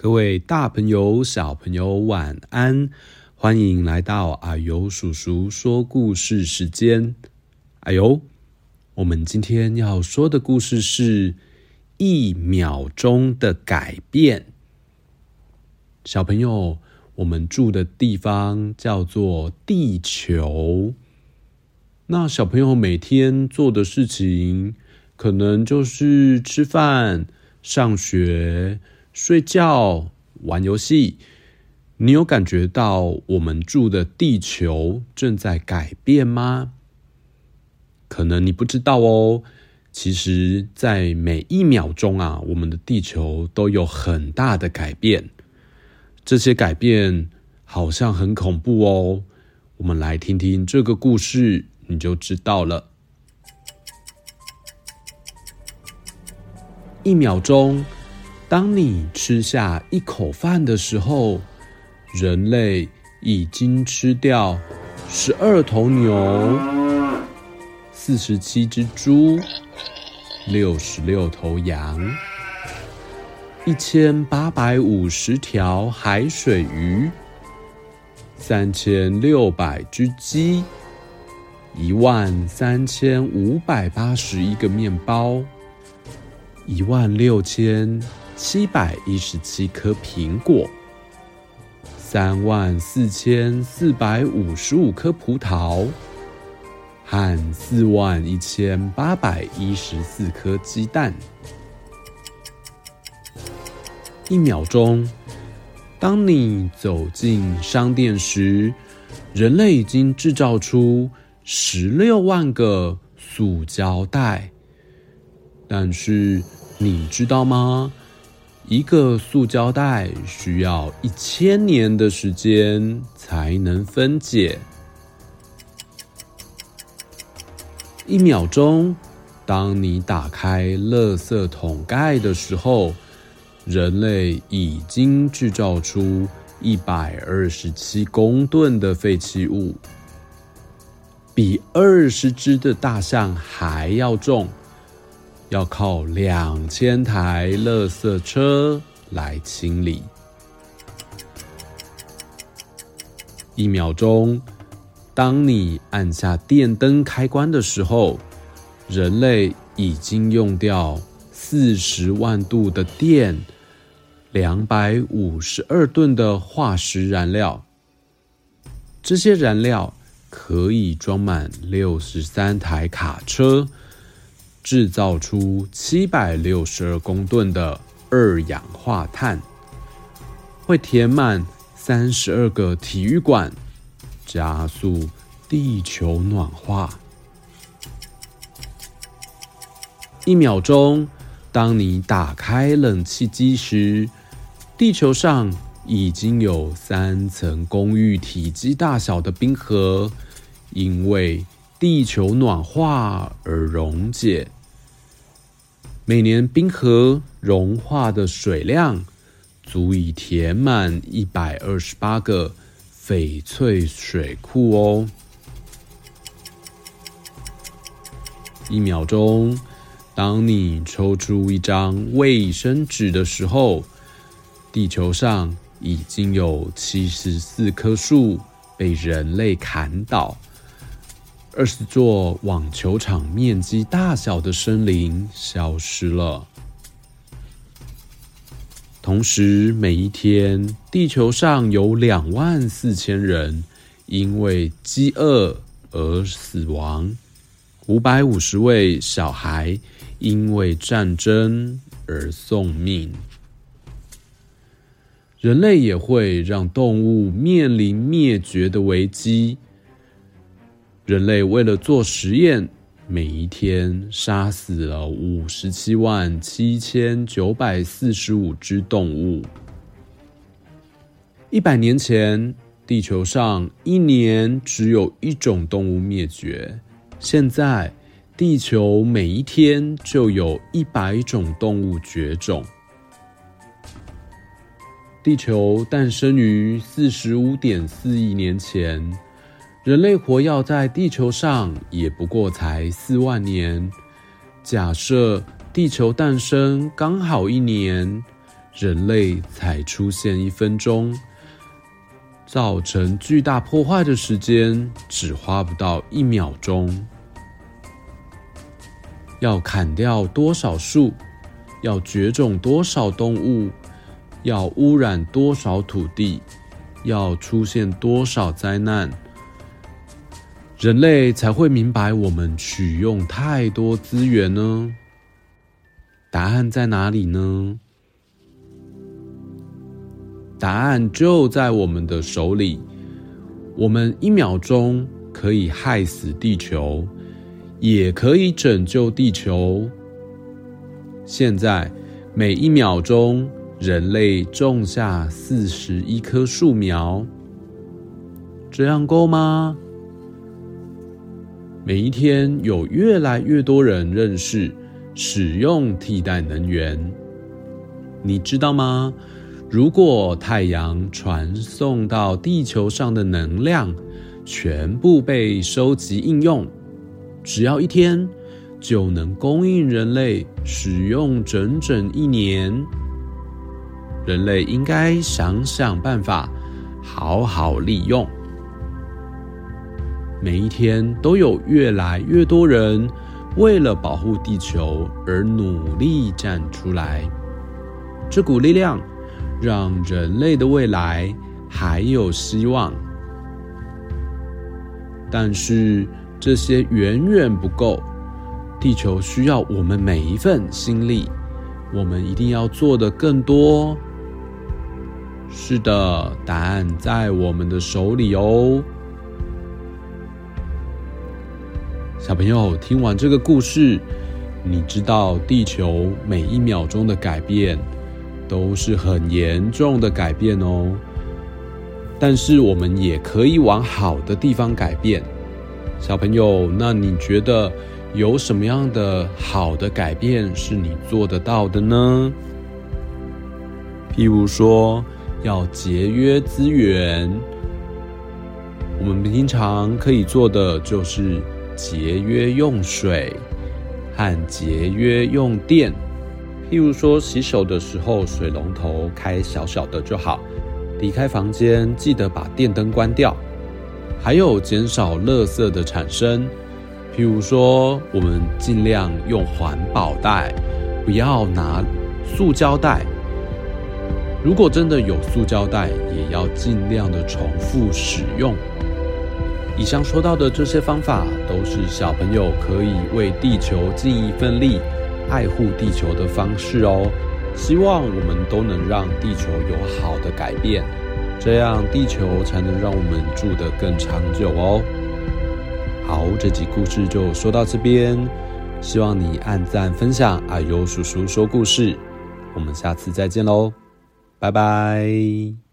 各位大朋友、小朋友，晚安！歡迎來到啊呦叔叔說故事時間。啊呦，我們今天要說的故事是《一秒鐘的改變》。小朋友，我們住的地方叫做地球。那小朋友每天做的事情，可能就是吃飯、上學。睡覺、玩遊戲，你有感覺到我們住的地球正在改變嗎？可能你不知道哦。其實，在每一秒鐘啊，我們的地球都有很大的改變。這些改變好像很恐怖哦。我們來聽聽這個故事，你就知道了。一秒鐘。當你吃下一口飯的時候，人類已經吃掉十二頭牛、四十七隻豬、六十六頭羊、一千八百五十條海水魚、三千六百隻雞、一萬三千五百八十一個麵包、一萬六千，七百一十七顆蘋果、三萬四千四百五十五顆葡萄，和四萬一千八百一十四顆雞蛋。一秒鐘，當你走進商店時，人類已經製造出十六萬個塑膠袋。但是你知道嗎？一個塑膠袋需要一千年的時間才能分解。一秒鐘，當你打開垃圾桶蓋的時候，人類已經製造出一百二十七公噸的廢棄物，比二十隻的大象還要重。要靠兩千台垃圾車來清理。一秒鐘，當你按下電燈開關的時候，人類已經用掉四十萬度的電，兩百五十二噸的化石燃料。這些燃料可以裝滿六十三台卡車。製造出七百六十二公噸的二氧化碳，會填滿三十二個體育館，加速地球暖化。一秒鐘，當你打開冷氣機時，地球上已經有三層公寓體積大小的冰河，因為地球暖化而溶解，每年冰河融化的水量足以填滿一百二十八個翡翠水庫哦。一秒鐘，當你抽出一張衛生紙的時候，地球上已經有七十四棵樹被人類砍倒。二十座網球場面積大小的森林消失了。同時，每一天，地球上有兩萬四千人因為飢餓而死亡，五百五十位小孩因為戰爭而送命。人類也會讓動物面臨滅絕的危機。人類為了做實驗，每一天殺死了五十七萬七千九百四十五隻動物。一百年前，地球上一年只有一種動物滅絕；現在，地球每一天就有一百種動物絕種。地球誕生於四十五點四億年前。人類活躍在地球上也不過才四萬年。假設地球誕生剛好一年，人類才出現一分鐘，造成巨大破壞的時間只花不到一秒鐘。要砍掉多少樹？要絕種多少動物？要污染多少土地？要出現多少災難？人類才會明白我們取用太多資源呢？答案在哪裡呢？答案就在我們的手裡。我們一秒鐘可以害死地球，也可以拯救地球。現在，每一秒鐘，人類種下四十一棵樹苗，這樣夠嗎？每一天有越來越多人認識使用替代能源，你知道嗎？如果太陽傳送到地球上的能量全部被收集應用，只要一天就能供應人類使用整整一年。人類應該想想辦法，好好利用。每一天都有越來越多人為了保護地球而努力站出來，這股力量讓人類的未來還有希望。但是這些遠遠不夠，地球需要我們每一份心力，我們一定要做得更多。是的，答案在我們的手裡哦。小朋友，聽完這個故事，你知道地球每一秒鐘的改變都是很嚴重的改變哦。但是我們也可以往好的地方改變。小朋友，那你覺得有什麼樣的好的改變是你做得到的呢？譬如說要節約資源，我們平常可以做的就是。節約用水和節約用電，譬如說洗手的時候水龍頭開小小的就好，離開房間記得把電燈關掉。還有減少垃圾的產生，譬如說我們儘量用環保袋，不要拿塑膠袋。如果真的有塑膠袋，也要儘量的重複使用。以上說到的這些方法，都是小朋友可以為地球盡一份力，愛護地球的方式哦。希望我們都能讓地球有好的改變，這樣地球才能讓我們住得更長久哦。好，這集故事就說到這邊，希望你按讚、分享啊呦叔叔說故事。我們下次再見嘍，拜拜。